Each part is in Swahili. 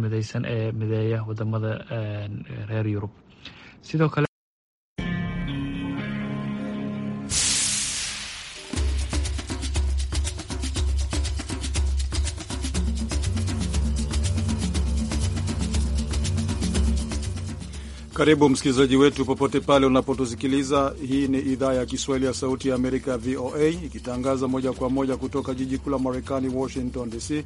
mideysan ee mideeya wadamada ee, reer Yurub. Sidoo kale Karibu msikilizaji wetu popote pale unapotusikiliza. Hii ni idhaa ya Kiswahili ya Sauti ya Amerika, VOA, ikitangaza moja kwa moja kutoka jiji kuu la Marekani, Washington DC.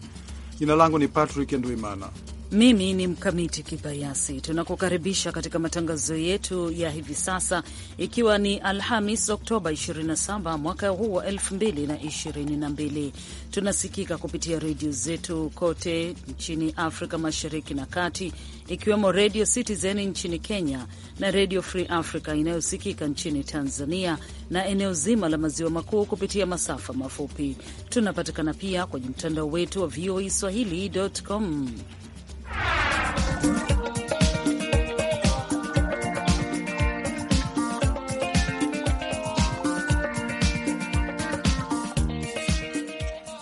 Jina langu ni Patrick Ndwimana mimi ni Mkamiti Kibayasi. Tunakukaribisha katika matangazo yetu ya hivi sasa, ikiwa ni Alhamis Oktoba 27 mwaka huu wa 2022. Tunasikika kupitia redio zetu kote nchini Afrika Mashariki na Kati, ikiwemo Redio Citizen nchini Kenya na Redio Free Africa inayosikika nchini Tanzania na eneo zima la maziwa makuu kupitia masafa mafupi. Tunapatikana pia kwenye mtandao wetu wa voa e swahili.com.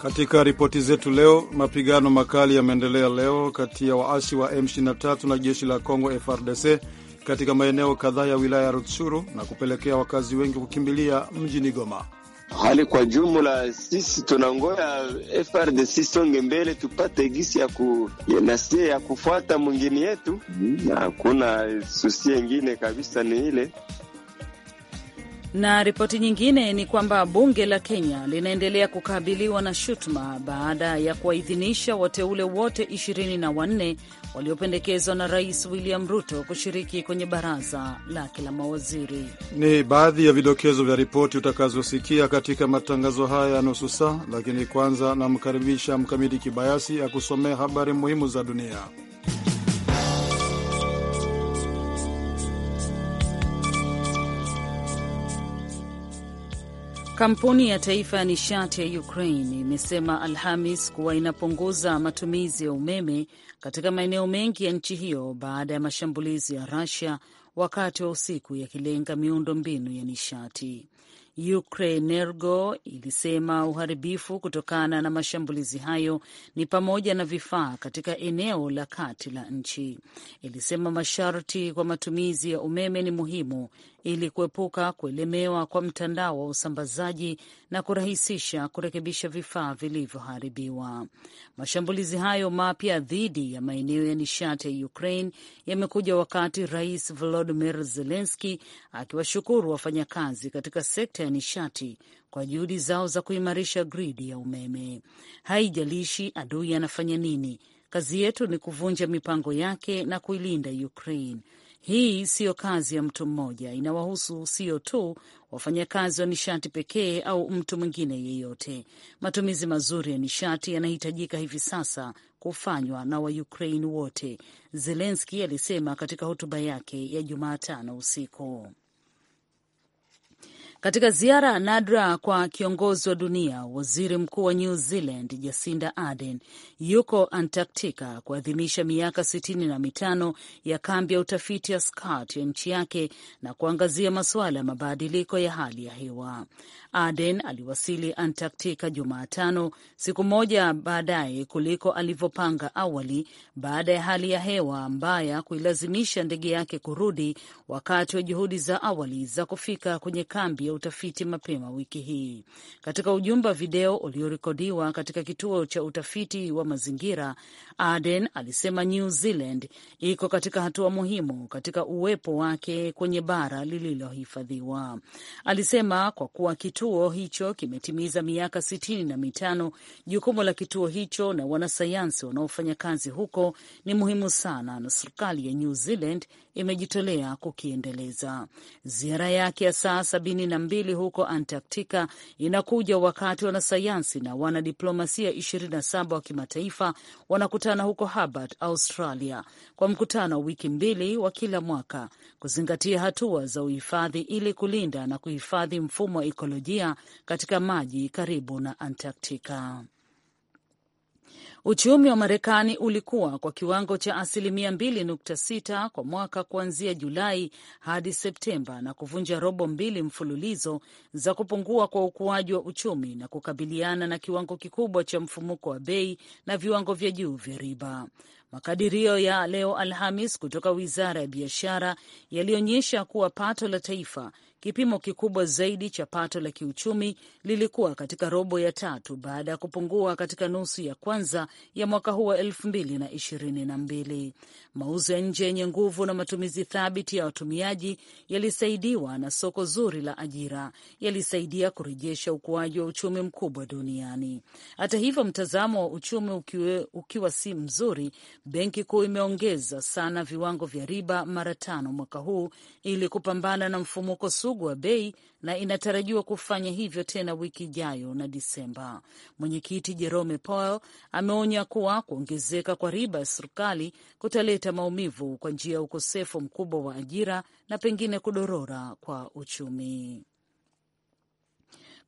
Katika ripoti zetu leo, mapigano makali yameendelea leo kati ya waasi wa M23 na jeshi la Kongo frdc katika maeneo kadhaa ya wilaya ya Rutshuru na kupelekea wakazi wengi kukimbilia mjini Goma hali kwa jumla, sisi tunangoya FRDC songe mbele, tupate gisi ya ku nasie ya kufuata mwingine yetu. na Hakuna susi yengine kabisa, ni ile na ripoti nyingine ni kwamba bunge la Kenya linaendelea kukabiliwa na shutuma baada ya kuwaidhinisha wateule wote 24 waliopendekezwa na Rais William Ruto kushiriki kwenye baraza lake la mawaziri. Ni baadhi ya vidokezo vya ripoti utakazosikia katika matangazo haya ya nusu saa, lakini kwanza namkaribisha Mkamiti Kibayasi akusomea habari muhimu za dunia. Kampuni ya taifa ya nishati ya Ukraine imesema Alhamis kuwa inapunguza matumizi ya umeme katika maeneo mengi ya nchi hiyo baada ya mashambulizi ya Rusia wakati wa usiku yakilenga miundo mbinu ya nishati. Ukrenergo ilisema uharibifu kutokana na mashambulizi hayo ni pamoja na vifaa katika eneo la kati la nchi. Ilisema masharti kwa matumizi ya umeme ni muhimu ili kuepuka kuelemewa kwa mtandao wa usambazaji na kurahisisha kurekebisha vifaa vilivyoharibiwa. Mashambulizi hayo mapya dhidi ya maeneo ya nishati ya Ukraine yamekuja wakati Rais Volodymyr Zelensky akiwashukuru wafanyakazi katika sekta ya nishati kwa juhudi zao za kuimarisha gridi ya umeme. Haijalishi adui anafanya nini, kazi yetu ni kuvunja mipango yake na kuilinda Ukraine, hii siyo kazi ya mtu mmoja, inawahusu sio tu wafanyakazi wa nishati pekee au mtu mwingine yeyote. Matumizi mazuri ya nishati yanahitajika hivi sasa kufanywa na waukrain wote, Zelenski alisema katika hotuba yake ya Jumatano usiku. Katika ziara nadra kwa kiongozi wa dunia, waziri mkuu wa New Zealand Jacinda Ardern yuko Antarctica kuadhimisha miaka sitini na mitano ya kambi ya utafiti ya Scott ya nchi yake na kuangazia masuala ya mabadiliko ya hali ya hewa. Aden aliwasili Antaktika Jumatano, siku moja baadaye kuliko alivyopanga awali, baada ya hali ya hewa mbaya kuilazimisha ndege yake kurudi wakati wa juhudi za awali za kufika kwenye kambi ya utafiti mapema wiki hii. Katika ujumbe wa video uliorekodiwa katika kituo cha utafiti wa mazingira, Aden alisema New Zealand iko katika hatua muhimu katika uwepo wake kwenye bara lililohifadhiwa. Alisema kwa kuwa kituo Kituo hicho kimetimiza miaka sitini na mitano. Jukumu la kituo hicho na wanasayansi wanaofanya kazi huko ni muhimu sana, na serikali ya New Zealand imejitolea kukiendeleza. Ziara yake ya saa sabini na mbili huko Antarktika inakuja wakati wanasayansi na wanadiplomasia 27 wa kimataifa wanakutana huko Hobart, Australia, kwa mkutano wa wiki mbili wa kila mwaka kuzingatia hatua za uhifadhi ili kulinda na kuhifadhi mfumo wa ikolojia kuingia katika maji karibu na Antarktika. Uchumi wa Marekani ulikuwa kwa kiwango cha asilimia 2.6 kwa mwaka kuanzia Julai hadi Septemba na kuvunja robo mbili mfululizo za kupungua kwa ukuaji wa uchumi na kukabiliana na kiwango kikubwa cha mfumuko wa bei na viwango vya juu vya riba. Makadirio ya leo Alhamis kutoka wizara ya biashara yalionyesha kuwa pato la taifa Kipimo kikubwa zaidi cha pato la kiuchumi lilikuwa katika robo ya tatu baada ya kupungua katika nusu ya kwanza ya mwaka huu wa elfu mbili na ishirini na mbili. Mauzo ya nje yenye nguvu na matumizi thabiti ya watumiaji yalisaidiwa na soko zuri la ajira yalisaidia kurejesha ukuaji wa uchumi mkubwa duniani. Hata hivyo, mtazamo wa uchumi ukiwe, ukiwa si mzuri, benki kuu imeongeza sana viwango vya riba mara tano mwaka huu ili kupambana na mfumuko usugu wa bei na inatarajiwa kufanya hivyo tena wiki ijayo na Disemba. Mwenyekiti Jerome Powell ameonya kuwa kuongezeka kwa riba ya serikali kutaleta maumivu kwa njia ya ukosefu mkubwa wa ajira na pengine kudorora kwa uchumi.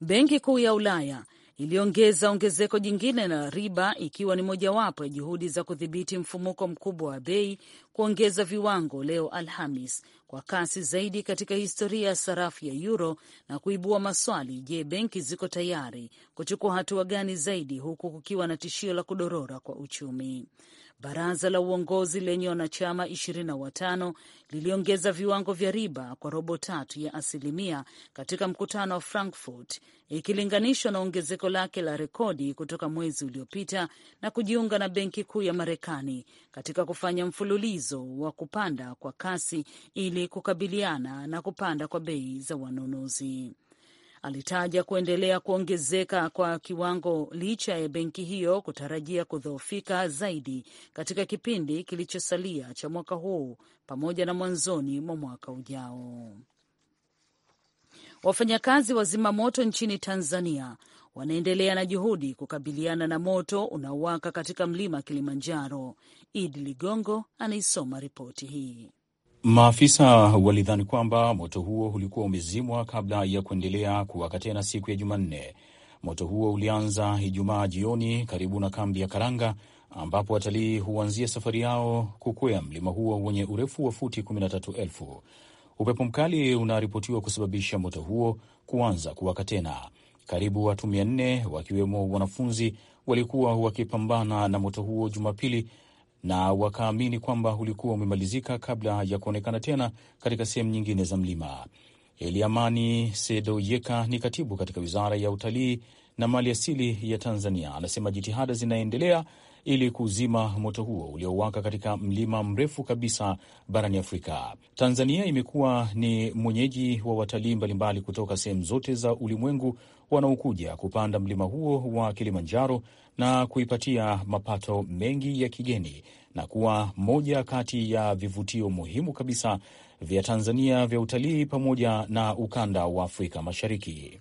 Benki Kuu ya Ulaya iliongeza ongezeko jingine la riba ikiwa ni mojawapo ya juhudi za kudhibiti mfumuko mkubwa wa bei kuongeza viwango leo Alhamis, kwa kasi zaidi katika historia ya sarafu ya euro na kuibua maswali. Je, benki ziko tayari kuchukua hatua gani zaidi, huku kukiwa na tishio la kudorora kwa uchumi? Baraza la uongozi lenye wanachama 25 na liliongeza viwango vya riba kwa robo tatu ya asilimia katika mkutano wa Frankfurt ikilinganishwa na ongezeko lake la rekodi kutoka mwezi uliopita na kujiunga na Benki Kuu ya Marekani katika kufanya mfululizo wa kupanda kwa kasi ili kukabiliana na kupanda kwa bei za wanunuzi alitaja kuendelea kuongezeka kwa kiwango licha ya benki hiyo kutarajia kudhoofika zaidi katika kipindi kilichosalia cha mwaka huu pamoja na mwanzoni mwa mwaka ujao. Wafanyakazi wa zimamoto nchini Tanzania wanaendelea na juhudi kukabiliana na moto unaowaka katika mlima Kilimanjaro. Idi Ligongo anaisoma ripoti hii. Maafisa walidhani kwamba moto huo ulikuwa umezimwa kabla ya kuendelea kuwaka tena siku ya Jumanne. Moto huo ulianza Ijumaa jioni karibu na kambi ya Karanga ambapo watalii huanzia safari yao kukwea mlima huo wenye urefu wa futi 13,000. Upepo mkali unaripotiwa kusababisha moto huo kuanza kuwaka tena. Karibu watu 400 wakiwemo wanafunzi walikuwa wakipambana na moto huo Jumapili na wakaamini kwamba ulikuwa umemalizika kabla ya kuonekana tena katika sehemu nyingine za mlima. Eliamani Sedoyeka ni katibu katika wizara ya utalii na mali asili ya Tanzania, anasema jitihada zinaendelea ili kuzima moto huo uliowaka katika mlima mrefu kabisa barani Afrika. Tanzania imekuwa ni mwenyeji wa watalii mbalimbali kutoka sehemu zote za ulimwengu wanaokuja kupanda mlima huo wa Kilimanjaro na kuipatia mapato mengi ya kigeni na kuwa moja kati ya vivutio muhimu kabisa vya Tanzania vya utalii pamoja na ukanda wa Afrika Mashariki.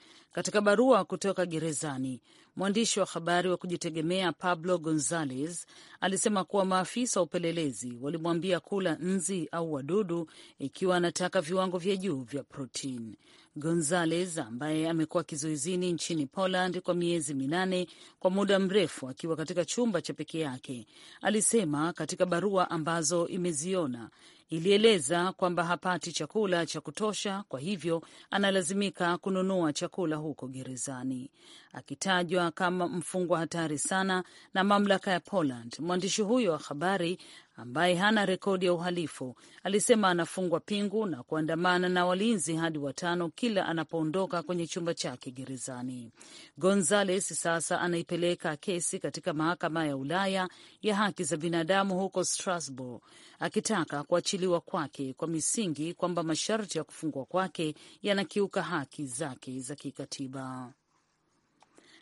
Katika barua kutoka gerezani, mwandishi wa habari wa kujitegemea Pablo Gonzalez alisema kuwa maafisa wa upelelezi walimwambia kula nzi au wadudu ikiwa anataka viwango vya juu vya protein Gonzalez ambaye amekuwa kizuizini nchini Poland kwa miezi minane, kwa muda mrefu akiwa katika chumba cha peke yake, alisema katika barua ambazo imeziona ilieleza kwamba hapati chakula cha kutosha, kwa hivyo analazimika kununua chakula huko gerezani akitajwa kama mfungwa hatari sana na mamlaka ya Poland. Mwandishi huyo wa habari ambaye hana rekodi ya uhalifu alisema anafungwa pingu na kuandamana na walinzi hadi watano kila anapoondoka kwenye chumba chake gerezani. Gonzales sasa anaipeleka kesi katika mahakama ya Ulaya ya haki za binadamu huko Strasbourg, akitaka kuachiliwa kwake kwa misingi kwamba masharti ya kufungwa kwake yanakiuka haki zake za kikatiba.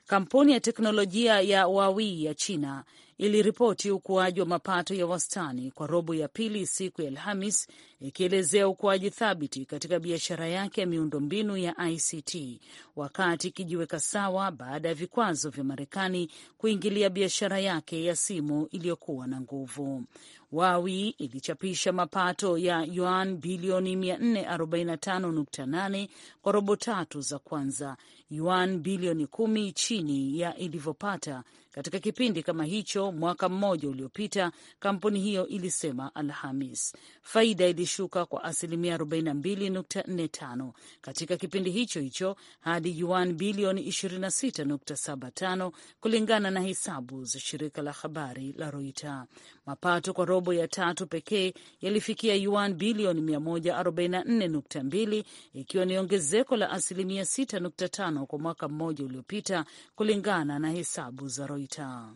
Kampuni ya teknolojia ya Huawei ya China iliripoti ukuaji wa mapato ya wastani kwa robo ya pili siku ya Alhamis, ikielezea ukuaji thabiti katika biashara yake ya miundombinu ya ICT wakati ikijiweka sawa baada ya vikwazo vya Marekani kuingilia biashara yake ya simu iliyokuwa na nguvu. Wawi ilichapisha mapato ya yuan bilioni 445.8 kwa robo tatu za kwanza, yuan bilioni kumi chini ya ilivyopata katika kipindi kama hicho mwaka mmoja uliopita, kampuni hiyo ilisema Alhamis faida ilishuka kwa asilimia 42.45 katika kipindi hicho hicho hadi yuan bilioni 26.75 kulingana na hesabu za shirika la habari la Reuters. Mapato kwa robo ya tatu pekee yalifikia yuan bilioni 144.2 ikiwa ni ongezeko la asilimia 6.5 kwa mwaka mmoja uliopita kulingana na hesabu za Reuters. Reuters.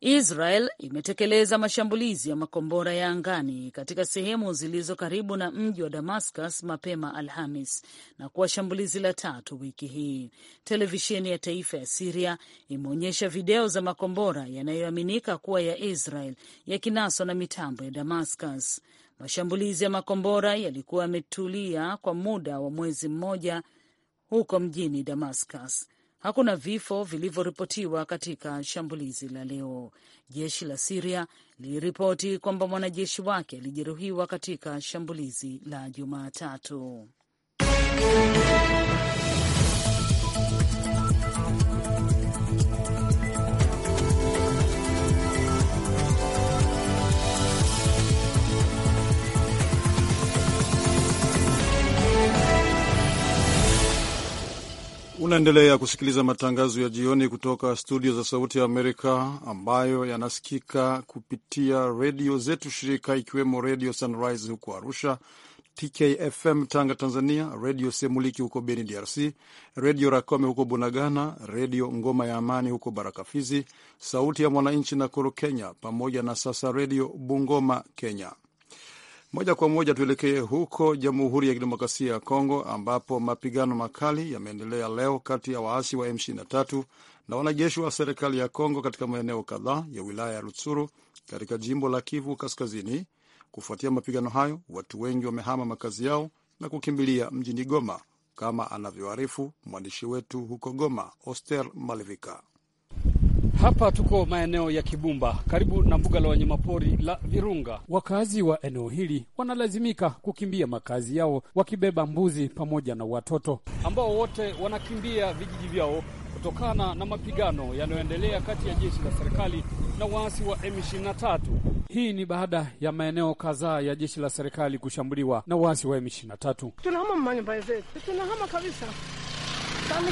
Israel imetekeleza mashambulizi ya makombora ya angani katika sehemu zilizo karibu na mji wa Damascus mapema Alhamis na kuwa shambulizi la tatu wiki hii. Televisheni ya taifa ya Siria imeonyesha video za makombora yanayoaminika kuwa ya Israel yakinaswa na mitambo ya Damascus. Mashambulizi ya makombora yalikuwa yametulia kwa muda wa mwezi mmoja huko mjini Damascus. Hakuna vifo vilivyoripotiwa katika shambulizi la leo. Jeshi la Siria liliripoti kwamba mwanajeshi wake alijeruhiwa katika shambulizi la Jumatatu. Unaendelea kusikiliza matangazo ya jioni kutoka studio za Sauti ya Amerika ambayo yanasikika kupitia redio zetu shirika, ikiwemo Redio Sunrise huko Arusha, TKFM Tanga Tanzania, Redio Semuliki huko Beni DRC, Redio Rakome huko Bunagana, Redio Ngoma ya Amani huko Barakafizi, Sauti ya Mwananchi na Koro Kenya, pamoja na sasa Redio Bungoma Kenya. Moja kwa moja tuelekee huko Jamhuri ya Kidemokrasia ya Kongo, ambapo mapigano makali yameendelea leo kati ya waasi wa M23 na wanajeshi wa serikali ya Kongo katika maeneo kadhaa ya wilaya ya Rutsuru katika jimbo la Kivu Kaskazini. Kufuatia mapigano hayo, watu wengi wamehama makazi yao na kukimbilia mjini Goma, kama anavyoarifu mwandishi wetu huko Goma, Oster Malivika. Hapa tuko maeneo ya Kibumba karibu na mbuga la wanyamapori la Virunga. Wakazi wa eneo hili wanalazimika kukimbia makazi yao wakibeba mbuzi pamoja na watoto ambao wote wanakimbia vijiji vyao kutokana na mapigano yanayoendelea kati ya jeshi la serikali na waasi wa M23. Hii ni baada ya maeneo kadhaa ya jeshi la serikali kushambuliwa na waasi wa M23. Tunahama manyumba zetu, tunahama kabisa.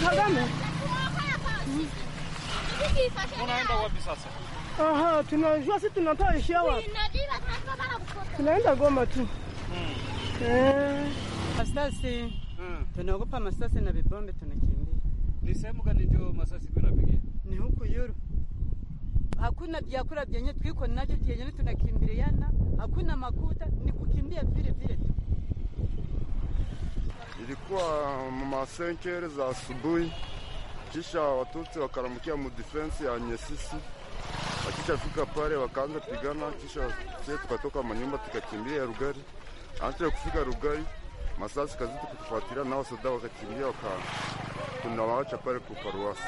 Kagame Unaenda wapi sasa? Aha, tunajua sisi tunataka ishia wapi. Tunaenda Goma tu. Hmm. Eh. Masasi. Hmm. Tunaogopa masasi na vibombe tunakimbia. Ni sehemu gani ndio masasi kuna pigia? Ni huko Yoro. Hakuna vyakula vyenye twiko navyo vyenye tunakimbiliana, hakuna makuta, ni kukimbia vile vile tu. Ilikuwa mmasenkere za asubuhi kisha watoto wakaramukia mu defense ya Nyesisi, fika pale wakaanza pigana, kisha sisi tukatoka manyumba tukakimbia Rugari. Ancha kufika Rugari, masasi kazitu kutufuatilia nao soda wakakimbia, waka tunawaacha pale kuparuasi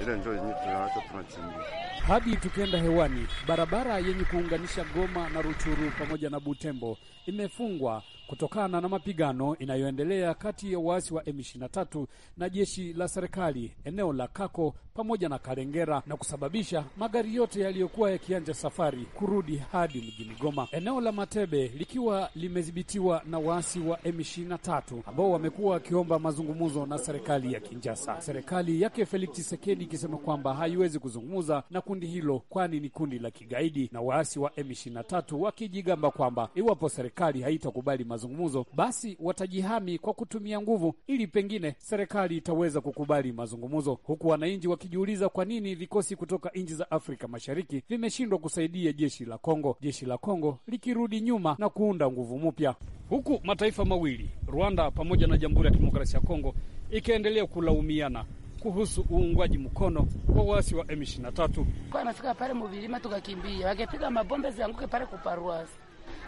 ile ndio yenye tunaacha tunakimbia hadi tukienda hewani. Barabara yenye kuunganisha Goma na Ruchuru pamoja na Butembo imefungwa kutokana na mapigano inayoendelea kati ya waasi wa M23 na jeshi la serikali eneo la Kako pamoja na Karengera na kusababisha magari yote yaliyokuwa yakianja safari kurudi hadi mjini Goma. Eneo la Matebe likiwa limedhibitiwa na waasi wa M23 ambao wamekuwa wakiomba mazungumzo na serikali ya kinjasa serikali yake Felix Tshisekedi ikisema kwamba haiwezi kuzungumza na kundi hilo kwani ni kundi la kigaidi, na waasi wa M23 wakijigamba kwamba iwapo serikali haitakubali mazungumzo, basi watajihami kwa kutumia nguvu, ili pengine serikali itaweza kukubali mazungumzo, huku wananchi wakijiuliza kwa nini vikosi kutoka nchi za Afrika Mashariki vimeshindwa kusaidia jeshi la Kongo, jeshi la Kongo likirudi nyuma na kuunda nguvu mpya, huku mataifa mawili Rwanda pamoja na Jamhuri ya Kidemokrasia ya Kongo ikiendelea kulaumiana kuhusu uungwaji mkono wa waasi wa M23. Anafika pale muvilima tukakimbia, wakipiga mabombe zianguke pale kuparuasi,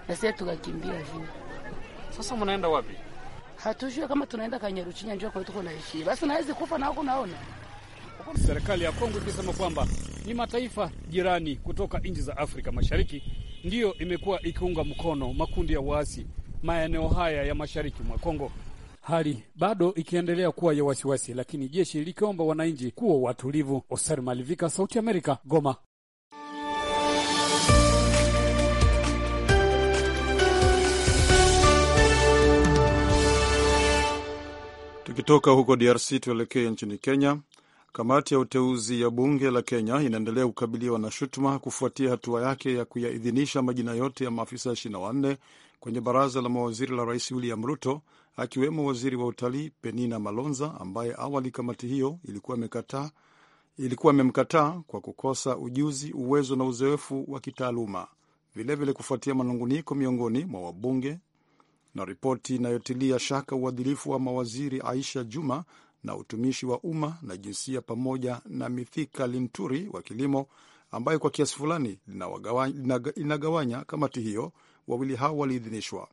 na sisi tukakimbia vile sasa mnaenda wapi? Hatujui kama tunaenda Kanyaruchinya, njoo kwetu kunaishi. Basi nawezi kufa na huko naona. Serikali ya Kongo ikisema kwamba ni mataifa jirani kutoka nchi za Afrika Mashariki ndiyo imekuwa ikiunga mkono makundi ya waasi maeneo haya ya mashariki mwa Kongo. Hali bado ikiendelea kuwa ya wasiwasi, lakini jeshi likiomba wananchi kuwa watulivu. Oser Malivika, Sauti Amerika, Goma. Tukitoka huko DRC tuelekee nchini Kenya. Kamati ya uteuzi ya bunge la Kenya inaendelea kukabiliwa na shutuma kufuatia hatua yake ya kuyaidhinisha majina yote ya maafisa 24 kwenye baraza la mawaziri la Rais William Ruto, akiwemo waziri wa utalii Penina Malonza, ambaye awali kamati hiyo ilikuwa imekataa ilikuwa imemkataa kwa kukosa ujuzi, uwezo na uzoefu wa kitaaluma. Vilevile, kufuatia manunguniko miongoni mwa wabunge na ripoti inayotilia shaka uadilifu wa mawaziri Aisha Juma na utumishi wa umma na jinsia, pamoja na Mithika Linturi wa kilimo, ambayo kwa kiasi fulani inagawanya kamati hiyo. Wawili hao waliidhinishwa,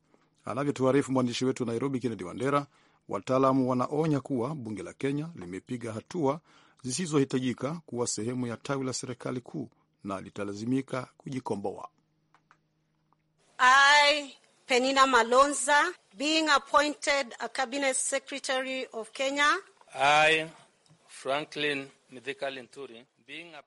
anavyotuarifu mwandishi wetu Nairobi, Kennedy Wandera. Wataalamu wanaonya kuwa bunge la Kenya limepiga hatua zisizohitajika kuwa sehemu ya tawi la serikali kuu na litalazimika kujikomboa. Penina Malonza being appointed a cabinet secretary of Kenya. I, Franklin Mithika Linturi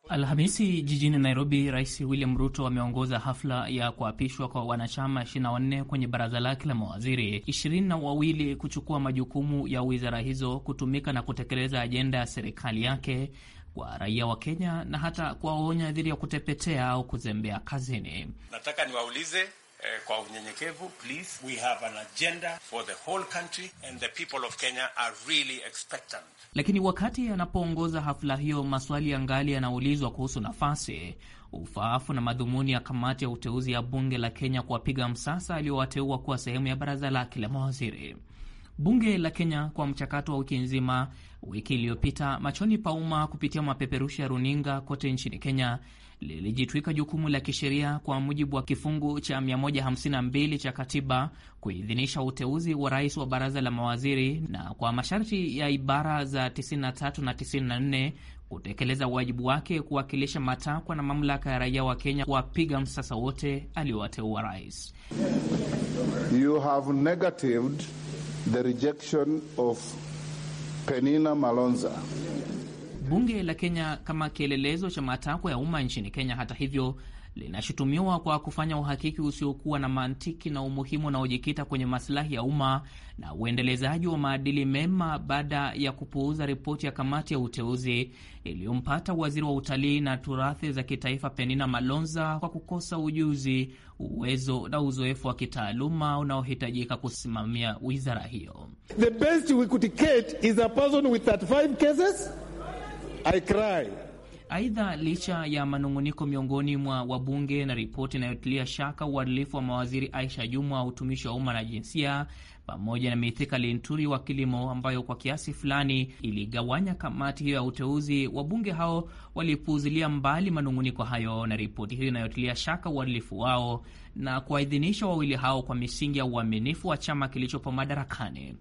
Alhamisi jijini Nairobi, Rais William Ruto ameongoza hafla ya kuapishwa kwa wanachama 24 kwenye baraza lake la mawaziri, ishirini na wawili kuchukua majukumu ya wizara hizo, kutumika na kutekeleza ajenda ya serikali yake kwa raia wa Kenya na hata kuwaonya dhidi ya kutepetea au kuzembea kazini. Nataka niwaulize Eh, kwa unyenyekevu please. We have an agenda for the whole country and the people of Kenya are really expectant. Lakini wakati anapoongoza hafla hiyo, maswali ya ngali yanaulizwa kuhusu nafasi, ufaafu na madhumuni ya kamati ya uteuzi ya bunge la Kenya kuwapiga msasa aliyowateua kuwa sehemu ya baraza lake la mawaziri. Bunge la Kenya kwa mchakato wa wiki nzima wiki iliyopita machoni pa umma kupitia mapeperushi ya runinga kote nchini Kenya lilijitwika jukumu la kisheria kwa mujibu wa kifungu cha 152 cha katiba kuidhinisha uteuzi wa rais wa baraza la mawaziri na kwa masharti ya ibara za 93 na 94 kutekeleza wajibu wake kuwakilisha matakwa na mamlaka ya raia wa Kenya kuwapiga msasa wote aliowateua rais. You have negatived the rejection of Penina Malonza. Bunge la Kenya kama kielelezo cha matakwa ya umma nchini Kenya, hata hivyo, linashutumiwa kwa kufanya uhakiki usiokuwa na mantiki na umuhimu unaojikita kwenye masilahi ya umma na uendelezaji wa maadili mema baada ya kupuuza ripoti ya kamati ya uteuzi iliyompata waziri wa utalii na turathi za kitaifa Penina Malonza kwa kukosa ujuzi, uwezo na uzoefu wa kitaaluma unaohitajika kusimamia wizara hiyo. The best we could get is a person with 35 cases. I cry. Aidha, licha ya manung'uniko miongoni mwa wabunge na ripoti inayotilia shaka uadilifu wa mawaziri Aisha Jumwa utumishi wa umma na jinsia pamoja na Mithika Linturi wa kilimo, ambayo kwa kiasi fulani iligawanya kamati hiyo ya uteuzi, wabunge hao walipuuzilia mbali manung'uniko hayo na ripoti hiyo inayotilia shaka uadilifu wao na kuwaidhinisha wawili hao kwa misingi ya uaminifu wa chama kilichopo madarakani.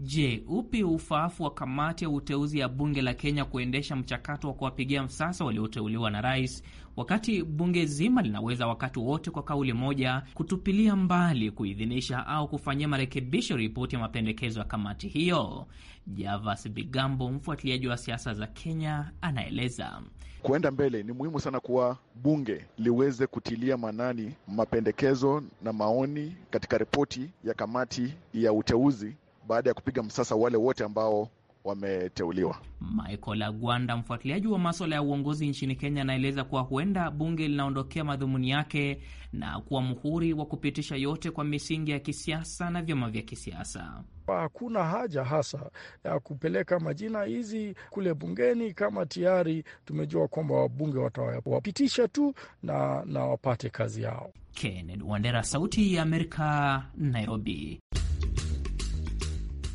Je, upi ufaafu wa kamati ya uteuzi ya bunge la Kenya kuendesha mchakato wa kuwapigia msasa walioteuliwa na rais, wakati bunge zima linaweza wakati wote kwa kauli moja kutupilia mbali kuidhinisha au kufanyia marekebisho ripoti ya mapendekezo ya kamati hiyo? Javas Bigambo, mfuatiliaji wa siasa za Kenya, anaeleza. Kuenda mbele ni muhimu sana kuwa bunge liweze kutilia maanani mapendekezo na maoni katika ripoti ya kamati ya uteuzi baada ya kupiga msasa wale wote ambao wameteuliwa. Michael Agwanda, mfuatiliaji wa maswala ya uongozi nchini Kenya, anaeleza kuwa huenda bunge linaondokea madhumuni yake na kuwa muhuri wa kupitisha yote kwa misingi ya kisiasa na vyama vya kisiasa. Hakuna haja hasa ya kupeleka majina hizi kule bungeni kama tayari tumejua kwamba wabunge watawapitisha tu na, na wapate kazi yao. Kennedy Wandera, Sauti ya Amerika, Nairobi.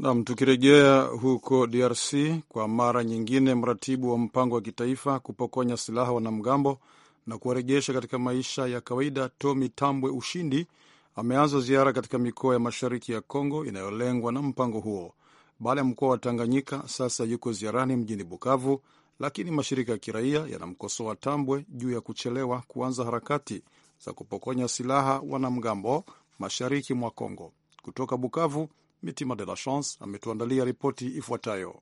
Nam, tukirejea huko DRC kwa mara nyingine, mratibu wa mpango wa kitaifa kupokonya silaha wanamgambo na kuwarejesha katika maisha ya kawaida, Tomi Tambwe Ushindi ameanza ziara katika mikoa ya mashariki ya Kongo inayolengwa na mpango huo. Baada ya mkoa wa Tanganyika, sasa yuko ziarani mjini Bukavu, lakini mashirika ya kiraia yanamkosoa Tambwe juu ya kuchelewa kuanza harakati za kupokonya silaha wanamgambo mashariki mwa Kongo. Kutoka Bukavu, Mitima de la Chance ametuandalia ripoti ifuatayo.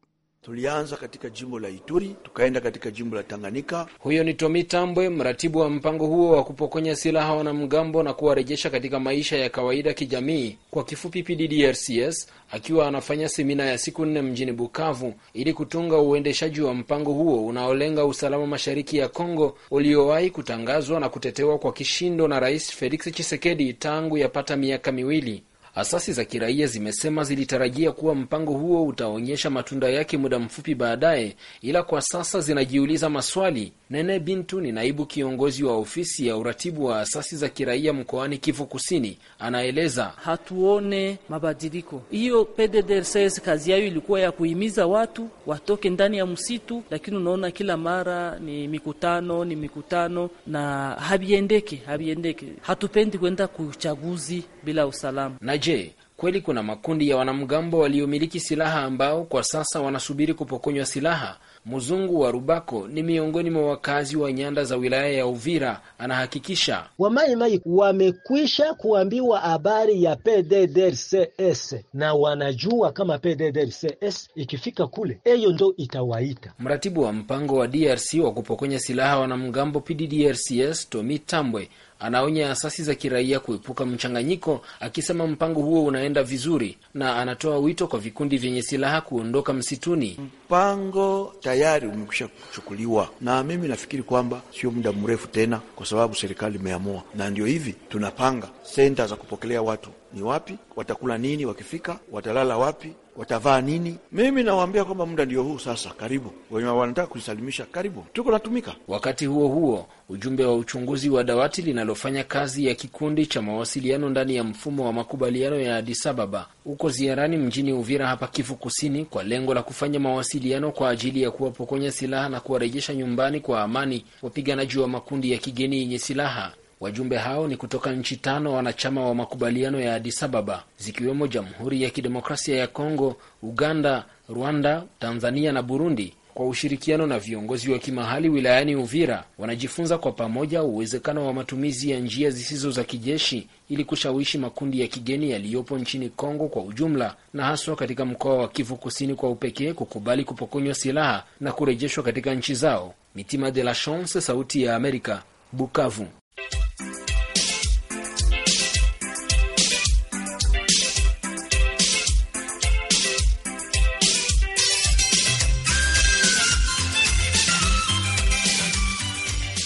Tulianza katika jimbo la Ituri tukaenda katika jimbo la Tanganyika. Huyo ni Tomi Tambwe, mratibu wa mpango huo wa kupokonya silaha wanamgambo na kuwarejesha katika maisha ya kawaida kijamii, kwa kifupi PDDRCS, akiwa anafanya semina ya siku nne mjini Bukavu ili kutunga uendeshaji wa mpango huo unaolenga usalama mashariki ya Kongo, uliowahi kutangazwa na kutetewa kwa kishindo na Rais Felix Tshisekedi tangu yapata miaka miwili. Asasi za kiraia zimesema zilitarajia kuwa mpango huo utaonyesha matunda yake muda mfupi baadaye, ila kwa sasa zinajiuliza maswali. Nene Bintu ni naibu kiongozi wa ofisi ya uratibu wa asasi za kiraia mkoani Kivu Kusini, anaeleza. Hatuone mabadiliko. Hiyo PDDRCS kazi yayo ilikuwa ya kuhimiza watu watoke ndani ya msitu, lakini unaona kila mara ni mikutano, ni mikutano na habiendeke, habiendeke. Hatupendi kwenda kuchaguzi bila usalama na je, kweli kuna makundi ya wanamgambo waliomiliki silaha ambao kwa sasa wanasubiri kupokonywa silaha? Mzungu wa Rubako ni miongoni mwa wakazi wa nyanda za wilaya ya Uvira, anahakikisha wamaimai wamekwisha kuambiwa habari ya PDDRCS na wanajua kama PDDRCS ikifika kule, hiyo ndo itawaita. Mratibu wa mpango wa DRC wa kupokonya silaha wanamgambo PDDRCS Tomi Tambwe Anaonya asasi za kiraia kuepuka mchanganyiko, akisema mpango huo unaenda vizuri, na anatoa wito kwa vikundi vyenye silaha kuondoka msituni. Mpango tayari umekwisha kuchukuliwa, na mimi nafikiri kwamba sio muda mrefu tena, kwa sababu serikali imeamua, na ndio hivi tunapanga senta za kupokelea watu ni wapi, watakula nini wakifika, watalala wapi, watavaa nini. Mimi nawaambia kwamba muda ndio huu sasa. Karibu wenye wanataka kujisalimisha, karibu tuko natumika. Wakati huo huo, ujumbe wa uchunguzi wa dawati linalofanya kazi ya kikundi cha mawasiliano ndani ya mfumo wa makubaliano ya Addis Ababa uko ziarani mjini Uvira hapa Kivu Kusini kwa lengo la kufanya mawasiliano kwa ajili ya kuwapokonya silaha na kuwarejesha nyumbani kwa amani wapiganaji wa makundi ya kigeni yenye silaha. Wajumbe hao ni kutoka nchi tano wanachama wa makubaliano ya Addis Ababa zikiwemo Jamhuri ya Kidemokrasia ya Kongo, Uganda, Rwanda, Tanzania na Burundi. Kwa ushirikiano na viongozi wa kimahali wilayani Uvira, wanajifunza kwa pamoja uwezekano wa matumizi ya njia zisizo za kijeshi ili kushawishi makundi ya kigeni yaliyopo nchini Kongo kwa ujumla na haswa katika mkoa wa Kivu Kusini kwa upekee kukubali kupokonywa silaha na kurejeshwa katika nchi zao. Mitima de la Chance, Sauti ya Amerika, Bukavu.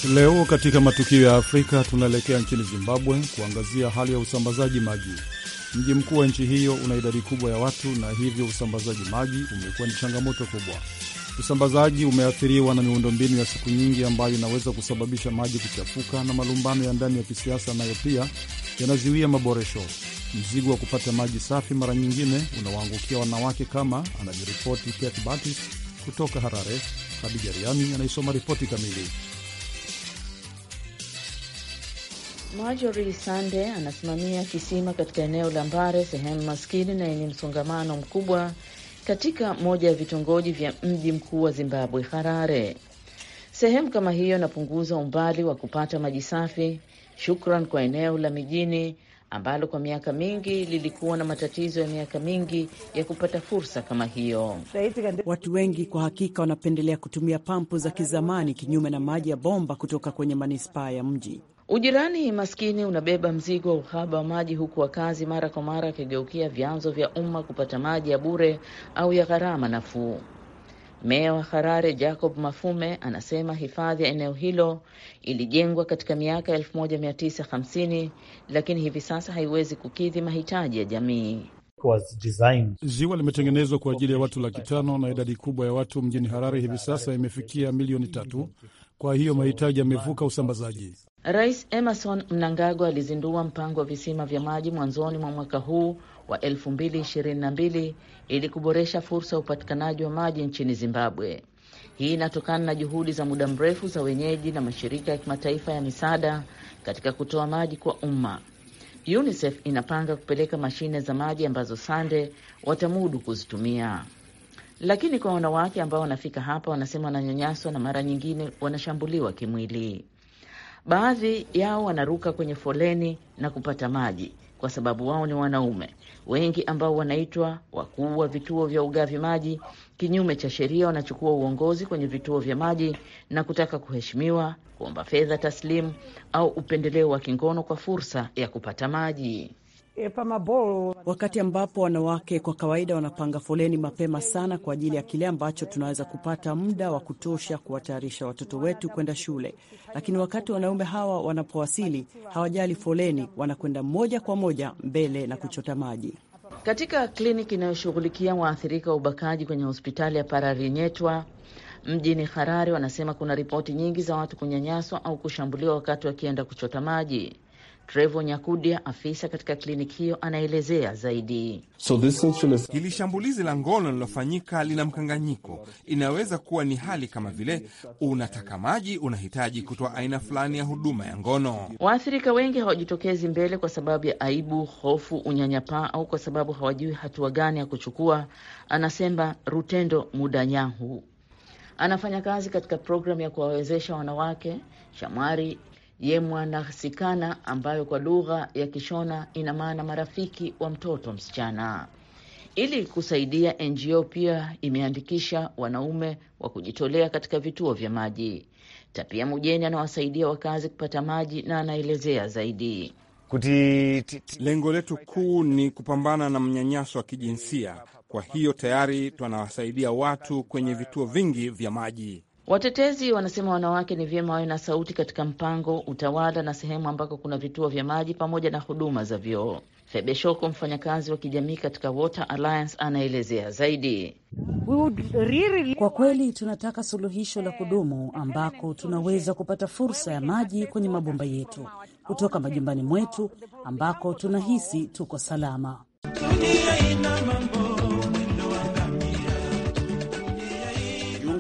Leo katika matukio ya Afrika tunaelekea nchini Zimbabwe kuangazia hali ya usambazaji maji. Mji mkuu wa nchi hiyo una idadi kubwa ya watu na hivyo usambazaji maji umekuwa ni changamoto kubwa. Usambazaji umeathiriwa na miundombinu ya siku nyingi ambayo inaweza kusababisha maji kuchafuka na malumbano ya ndani ya kisiasa nayo pia yanaziwia maboresho. Mzigo wa kupata maji safi mara nyingine unawaangukia wanawake, kama anavyoripoti Kate Batis kutoka Harare. Hadija Riami anaisoma ripoti kamili. majori Sande anasimamia kisima katika eneo la Mbare, sehemu maskini na yenye msongamano mkubwa katika moja ya vitongoji vya mji mkuu wa Zimbabwe, Harare. Sehemu kama hiyo inapunguza umbali wa kupata maji safi, shukran kwa eneo la mijini ambalo kwa miaka mingi lilikuwa na matatizo ya miaka mingi ya kupata fursa kama hiyo. Watu wengi kwa hakika wanapendelea kutumia pampu za kizamani kinyume na maji ya bomba kutoka kwenye manispaa ya mji. Ujirani maskini unabeba mzigo wa uhaba wa maji huku wakazi mara kwa mara wakigeukia vyanzo vya umma kupata maji ya bure au ya gharama nafuu. Meya wa Harare Jacob Mafume anasema hifadhi ya eneo hilo ilijengwa katika miaka 1950 lakini hivi sasa haiwezi kukidhi mahitaji ya jamii. Ziwa limetengenezwa kwa ajili ya watu laki tano na idadi kubwa ya watu mjini Harare hivi sasa imefikia milioni tatu. Kwa hiyo mahitaji yamevuka usambazaji. Rais Emerson Mnangagwa alizindua mpango wa visima vya maji mwanzoni mwa mwaka huu wa 2022 ili kuboresha fursa ya upatikanaji wa maji nchini Zimbabwe. Hii inatokana na juhudi za muda mrefu za wenyeji na mashirika ya kimataifa ya misaada katika kutoa maji kwa umma. UNICEF inapanga kupeleka mashine za maji ambazo Sande watamudu kuzitumia. Lakini kwa wanawake ambao wanafika hapa, wanasema wananyanyaswa na mara nyingine wanashambuliwa kimwili. Baadhi yao wanaruka kwenye foleni na kupata maji kwa sababu wao ni wanaume. Wengi ambao wanaitwa wakuu wa vituo vya ugavi maji kinyume cha sheria, wanachukua uongozi kwenye vituo vya maji na kutaka kuheshimiwa, kuomba fedha taslimu au upendeleo wa kingono kwa fursa ya kupata maji. E, wakati ambapo wanawake kwa kawaida wanapanga foleni mapema sana kwa ajili ya kile ambacho tunaweza kupata muda wa kutosha kuwatayarisha watoto wetu kwenda shule. Lakini wakati wanaume hawa wanapowasili, hawajali foleni, wanakwenda moja kwa moja mbele na kuchota maji. Katika kliniki inayoshughulikia waathirika wa ubakaji kwenye hospitali ya Pararinyetwa mjini Harare, wanasema kuna ripoti nyingi za watu kunyanyaswa au kushambuliwa wakati wakienda kuchota maji. Trevo Nyakudia, afisa katika kliniki hiyo, anaelezea zaidi. So hili shambulizi la ngono lilofanyika lina mkanganyiko. Inaweza kuwa ni hali kama vile unataka maji, unahitaji kutoa aina fulani ya huduma ya ngono. Waathirika wengi hawajitokezi mbele kwa sababu ya aibu, hofu, unyanyapaa au kwa sababu hawajui hatua gani ya kuchukua, anasema Rutendo Mudanyahu. Anafanya kazi katika programu ya kuwawezesha wanawake shamwari ye sikana ambayo kwa lugha ya Kishona ina maana marafiki wa mtoto msichana. Ili kusaidia, NGO pia imeandikisha wanaume wa kujitolea katika vituo vya maji. Tapia Mujeni anawasaidia wakazi kupata maji na anaelezea zaidi. Lengo letu kuu ni kupambana na mnyanyaso wa kijinsia, kwa hiyo tayari tunawasaidia watu kwenye vituo vingi vya maji. Watetezi wanasema wanawake ni vyema wawe na sauti katika mpango, utawala na sehemu ambako kuna vituo vya maji pamoja na huduma za vyoo. febeshoko mfanyakazi wa kijamii katika Water Alliance, anaelezea zaidi. Kwa kweli tunataka suluhisho la kudumu ambako tunaweza kupata fursa ya maji kwenye mabomba yetu kutoka majumbani mwetu ambako tunahisi tuko salama.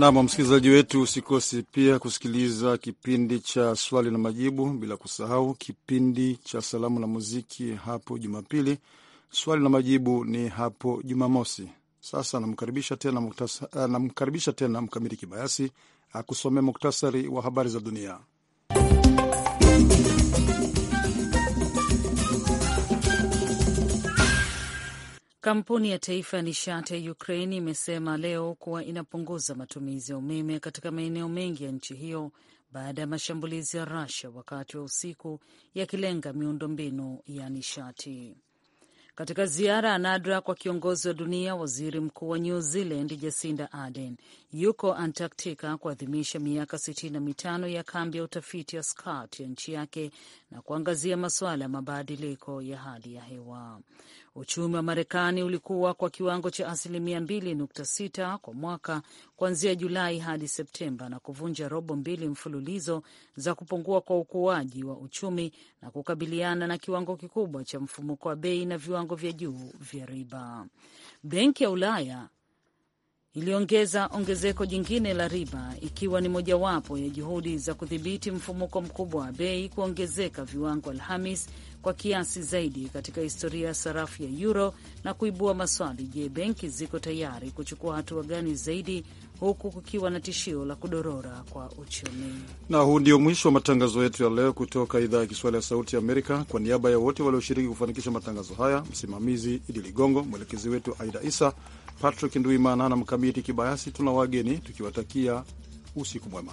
Nam msikilizaji wetu, usikosi pia kusikiliza kipindi cha swali na majibu, bila kusahau kipindi cha salamu na muziki hapo Jumapili. Swali na majibu ni hapo Jumamosi. Sasa namkaribisha tena, eh, namkaribisha tena Mkamili Kibayasi akusomea muktasari wa habari za dunia. Kampuni ya taifa ya nishati ya Ukraine imesema leo kuwa inapunguza matumizi ya umeme katika maeneo mengi ya nchi hiyo baada ya mashambulizi ya Russia wakati wa usiku yakilenga miundombinu ya nishati. Katika ziara ya nadra kwa kiongozi wa dunia, waziri mkuu wa New Zealand Jacinda Ardern yuko Antarctica kuadhimisha miaka sitini na mitano ya kambi ya utafiti ya scott ya nchi yake na kuangazia masuala ya mabadiliko ya hali ya hewa. Uchumi wa Marekani ulikuwa kwa kiwango cha asilimia 2.6 kwa mwaka kuanzia Julai hadi Septemba na kuvunja robo mbili mfululizo za kupungua kwa ukuaji wa uchumi na kukabiliana na kiwango kikubwa cha mfumuko wa bei na viwango vya juu vya riba. Benki ya Ulaya iliongeza ongezeko jingine la riba ikiwa ni mojawapo ya juhudi za kudhibiti mfumuko mkubwa wa bei kuongezeka viwango Alhamis kwa kiasi zaidi katika historia ya sarafu ya euro na kuibua maswali. Je, benki ziko tayari kuchukua hatua gani zaidi huku kukiwa na tishio la kudorora kwa uchumi. Na huu ndio mwisho wa matangazo yetu ya leo kutoka idhaa ya Kiswahili ya Sauti Amerika. Kwa niaba ya wote walioshiriki kufanikisha matangazo haya, msimamizi Idi Ligongo, mwelekezi wetu Aida Isa, Patrick Nduimana na Mkamiti Kibayasi, tuna wageni tukiwatakia usiku mwema.